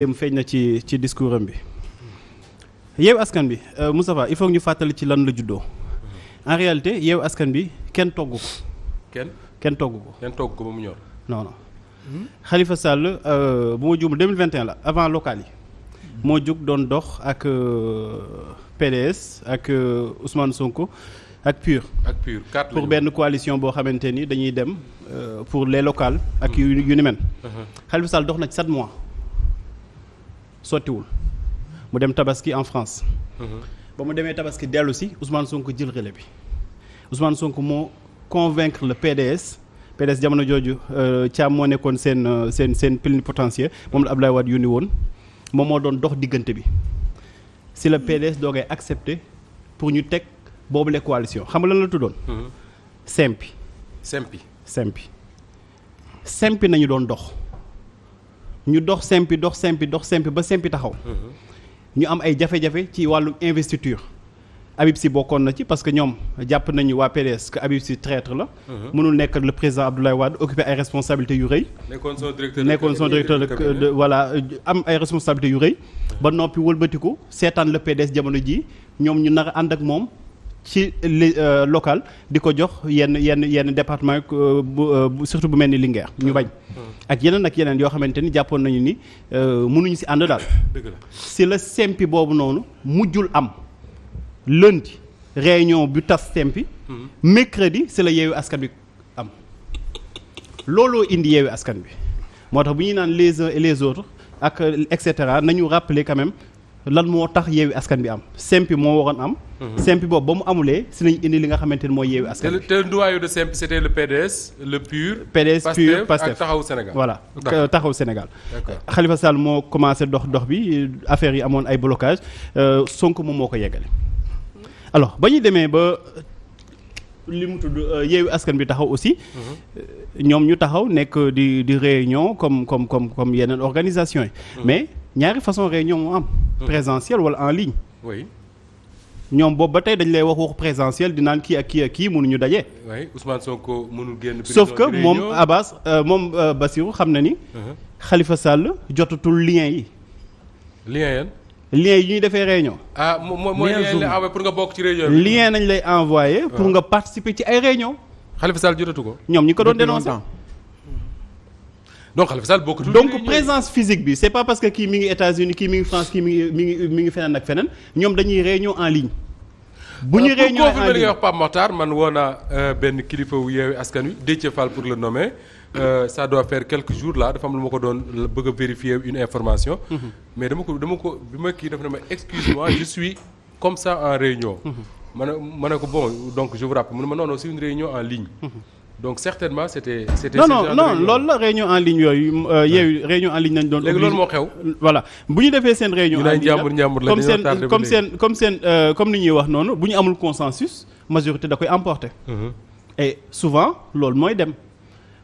dem feeñ na ci ci discours am bi yeew askan bi euh, Moustapha il faut ñu fàttali ci lan la juddoo en réalité yeew askan bi kenn togg ko. kenn kenn togg ko. kenn togg ko ba mu ñor. non non hmm? Khalifa Sall euh, bu ma juumul 2021 la avant locale yi moo jug doon dox ak euh, PDS ak Ousmane Sonko ak PUR. ak PUR quatre pour benn coalition boo xamante ni dañuy dem pour les locale ak hmm. yu ni mel. Uh-huh. Khalifa Sall dox na ci 7 mois. sottiwul mu dem tabaski en France. Mhm. ba mu demee tabaski dellu si Ousmane Sonko jël relais bi Ousmane Sonko moo convaincre le PDS. PDS jamono jooju euh, Thiam moo nekkoon seen euh, seen seen plénipotentiaire moom la Abdoulaye yu ni woon moom moo doon dox diggante bi si la PDS doogay accepté pour ñu teg boobu la coalition xam nga lan la tuddoon. Mhm. Sempi. Sempi. Sempi. Sempi nañu doon dox. ñu dox simpi dox simpi dox simpi ba simpi taxaw. Mm-hmm. ñu am ay jafe-jafe ci wàllu investiture. Habib Sy bokkoon na ci parce que ñoom jàpp nañu waa PDS que Habib Sy traître la. Mm-hmm. mënul nekk le président Abdoulaye Wade occupé ay responsabilités yu rëy. nekkoon son directeur nekkoon son directeur de voilà am ay responsabilités yu réy ba noppi wëlbatiku seetaan la PDS jamono jii ñoom ñu nar ànd ak moom. ci euh, local di ko jox yenn yenn yenn département euh, euh, surtout bu mel ni Linguère ñu bañ hmm. ak yeneen ak yeneen yoo xamante ni jàppoon nañu ni mënuñu si ànd daal si la sempi boobu noonu mujjul am lundi réunion bu tas sempi hmm. mercredi si la yeewu askan bi am looloo indi yeewu askan bi moo tax bu ñuy naan les les autres ak et cetera nañu rappeler quand lan moo tax yeewi askan bi am simpi moo waroon am. Mhm. simpi boobu ba mu amulee si nañ indi li nga xamante ni mooy yeewi askan bi. te te doyen de simpi c'était le PDS le PUR. PDS PUR Pastef ak taxaw Sénégal. voilà taxaw Sénégal. moo commencé dox dox bi affaire yi amoon ay blocage euh, Sonko moom moo ko yeggale. alors ba ñu demee ba li mu tudd euh, yeewi askan bi taxaw aussi. Mhm. ñoom ñu taxaw nekk di di réunion comme comme comme comme yeneen organisation yi. Mhm. mais ñaari façon réunion présentiel wala en ligne. oui. ñoom boob ba tey dañ lay wax waxu présentiel di naan kii ak kii ak kii mënuñu daje. oui Ousmane Sonko mënul génn. sauf que moom Abbas euh, moom euh, Bassirou xam na ni. xalifa uh-huh. sàll jotatul lien yi. lien yan. lien yi ñuy defee réunion. ah mooy mooy lien ah, pour nga bokk ci réunion lien nañ lay envoyé. pour uh-huh. nga participer ci ay réunion. Khalifa Sall jotatu ko. ñoom ñi ko doon dénoncé. donc Khalifa Sall bokkatul donc présence physique bi c'est pas parce que kii mi ngi États-Unis kii mi ngi France kii mi ngi feneen ak feneen ñoom dañuy réunion en ligne. bu ñu euh, réunion en ligne li nga wax Pape Makhtar euh, kilifa wu yeewi askan wi Déthié Fall pour le nommer. Euh, ça doit faire ma ko doon bëgg a vérifier une information. Mhm. mais dama ko dama ko bi ma kii dafa ne ma excuse-moi je suis comme ça en réunion. Mhm. ma ne ma ne ko bon donc je vous mu ne ma non non une réunion en ligne. Mhm. donc certainement c'était c'était non non non loolu la réunion en ligne yooyu euh, yeeyu réunion en ligne nañ doon léegi loolu moo xew voilà bu ñu defee seen réunion en ligne comme seen comme seen euh, comme ni ñuy wax noonu bu ñu amul consensus majorité da koy emporter mhm. et souvent loolu mooy dem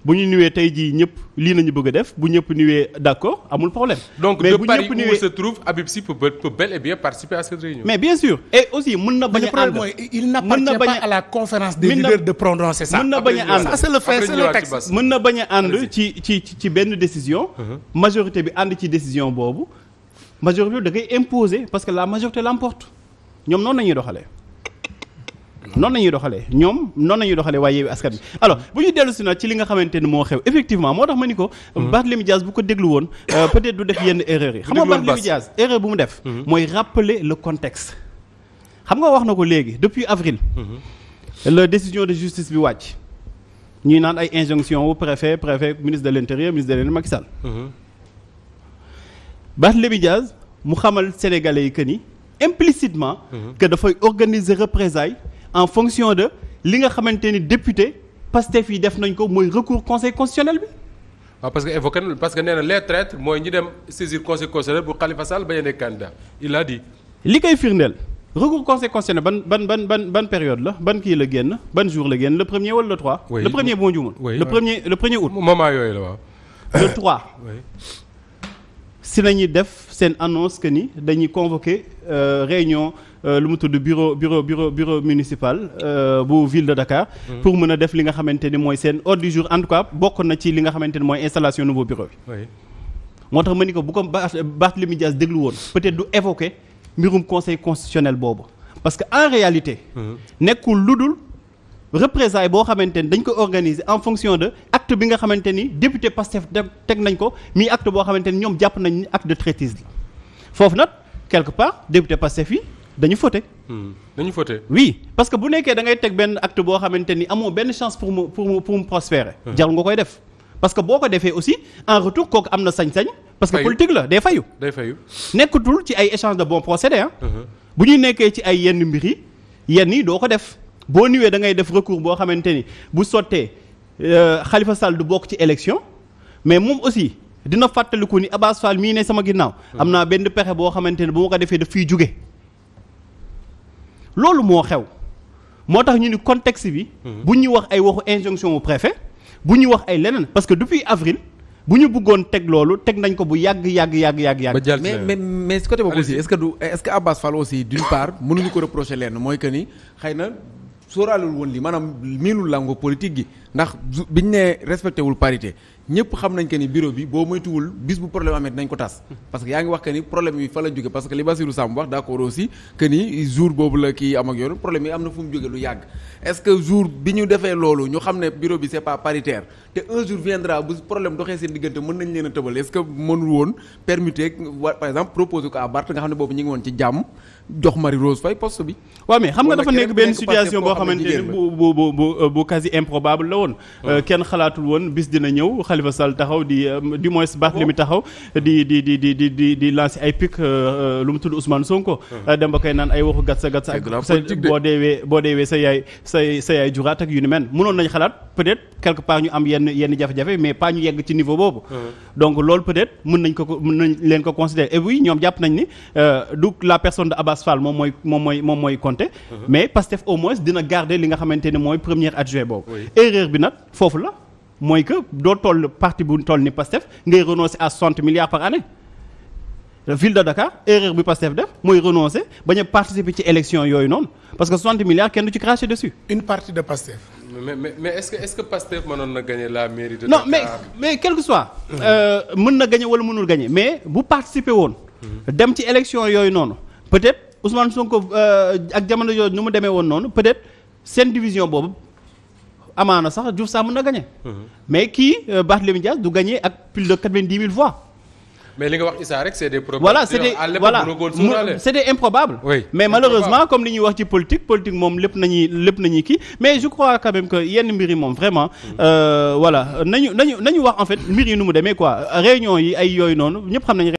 bu ñu niwee tey jii ñëpp lii nañu bëgg def bu ñëpp niwee d'accord amul problème. donc mais de Paris où se trouve Habib Sy peut bel et bien participer à mais bien sûr aussi mën na bañ a ànd il n'appartient pas à la conférence des leaders de prononcer ça. mën na bañ a ànd ça na bañ ànd ci ci ci benn décision. Uh-huh. majorité bi ànd ci décision boobu majorité da ngay imposé parce que la majorité l'emporte ñoom noonu la ñuy doxalee. noonu la ñuy doxalee ñoom noonu nañuy doxale doxalee waaye Yewwi Askan Wi alors bu ñu dellu si nag ci li nga xamante ne moo xew effectivement moo tax ma ni ko hmm. Barthélémy Dias bu ko déglu woon euh, peut-être du def yenn erreurs yi xam nga Barthélémy Dias erreur bu def hmm. mooy rappeler le contexte xam wax na ko léegi depuis avril hmm. la décision de justice bi wàcc ñuy naan ay injonction wu préfet préfet ministre de l'intérieur ministre de l'intérieur Macky Sall Barthélémy Dias mu xamal sénégalais yi que ni implicitement que dafay organiser représailles en fonction de li nga xamante ni député Pastef yi def nañ ko mooy recours conseil constitutionnel bi. Ah, parce que évoqué na parce que nee na les mooy ñu dem saisir conseil constitutionnel bu Khalifa Sall bañ a nekk candidat il a dit. li koy firndeel recours conseil constitutionnel ban ban ban ban période la ban kii la génn ban jour la génn le premier wala le 3. le premier bu ma juumul. le premier le premier août. moment yooyu la waaw. le 3. si nañuy def seen annonce que ni dañuy convoqué euh, réunion. Euh, lu mu tudd bureau bureau bureau bureau municipal euh, bu ville de Dakar. Mmh. pour mën a def li nga xamante ni mooy seen ordre du jour en tout cas bokk na ci li nga xamante ni mooy installation nouveau bureau bi. moo tax ma ni ko bu ko Barthélémy Dias déglu woon peut-être du évoquer mbirum conseil constitutionnel boobu parce que en réalité. Mmh. nekkul lu dul représailles boo xamante ni dañ ko organiser en fonction de acte bi nga xamante ni député Pastef teg nañ ko mii acte boo xamante ni ñoom jàpp nañ acte de traîtrise la foofu nag quelque part député Pastef yi. dañu fauté. Hmm. dañu fauté. oui parce que bu nekkee da ngay teg benn acte boo xamante ni amoo benn chance pour mu pour mu pour mu prospérer. Hmm. jarul nga koy def parce que boo ko defee aussi en retour kook am na sañ-sañ. parce que politique la day fayu. day fayu nekkatul ci ay échange de bons procédés hmm. bu ñuy nekkee ci ay yenn mbiri yi yenn yi doo ko def boo niwee dangay ngay def recours boo xamante ni bu sottee euh, Khalifa Sall du bokk ci élection mais moom aussi. dina fàttaliku ni Abass Fall mii ne sama ginnaaw. am naa benn pexe boo xamante ne bu ko defee daf fiy loolu moo xew moo tax ñu ni contexte bi. Mhm. bu ñuy wax ay waxu injonction au préfet bu ñuy wax ay leneen parce que depuis avril. bu ñu bëggoon teg loolu teg nañ ko bu yàgg yàgg yàgg yàgg yàgg. mais mais mais côté boobu aussi est ce que du est ce que Abbas Fall aussi d'une part mënuñu ko reprocher lenn mooy que ni xay na sóoraalul woon li maanaam miinul làngu politique gi ndax biñ ne respecté wul parité. ñëpp xam nañ que bureau bi boo moytuwul bis bu problème amee dinañ ko tas parce que yaa ngi wax que ni problème yi fa la jóge parce que li Bassirou Samb wax d'accord aussi que ni jour boobu la kii am ak yoon problème yi am na fu mu jóge lu yàgg est xam ne a ne boobu ñu ngi woon jox Marie Rose Faye poste bi waaw mais xam nga dafa nekk benn situation boo xamante ni bu bu bu bu quasi improbable la woon euh, kenn xalaatul woon bis dina ñëw Khalifa Sall taxaw di euh, du moins Barthélémy taxaw di di di di di di lancer ay pic euh, euh, lu mu tudd Ousmane Sonko. dem ba koy naan ay waxu gatsa gatsa ak sa boo deewee boo deewee sa yaay sa sa yaay juraat ak yu ni mel mënoon nañ xalaat peut-être quelque part ñu am yenn jafe-jafe mais pas ñu yegg ci niveau boobu donc loolu peut-être mën nañ ko mën nañ leen ko considérer et oui ñoom jàpp nañ ni du la personne de Abbas Fall moom mooy moom mooy moom mooy compter mais Pastef au moins li nga xamante ne mooy premier adjoint boobu erreur mooy que doo toll parti bu toll ni Pastef ngay renoncer à 60 milliards par année ville de Dakar erreur bi Pastef def mooy renoncer bañ a participer ci élection yooyu noonu parce que 60 milliards kenn du ci cracher dessus. une partie de Pastef. mais mais mais est-ce que est-ce la mairie de. Dakar non mais mais quel soit. Euh, mën na gagner wala mënul gagner mais bu participer woon. dem ci élection yooyu noonu peut-être Ousmane Sonko euh, ak jamono jooju nu mu demee woon noonu peut-être seen division boobu. amaana sax Diouf sax mën na gagné. Mhm. mais kii euh, Barthélémy Dias du gagné ak plus de quatre-vingt-dix mille voix. mais li nga wax Issa c'est des improbable mais malheureusement comme li ñuy wax ci politique politique moom lépp nañuy lépp nañuy kii mais je crois quand même que yenn mbir yi moom vraiment mhm. euh, voilà nañu nañu nañu wax en fait mbir yi mu demee quoi réunion yi ay yooyu noonu ñëpp xam nañu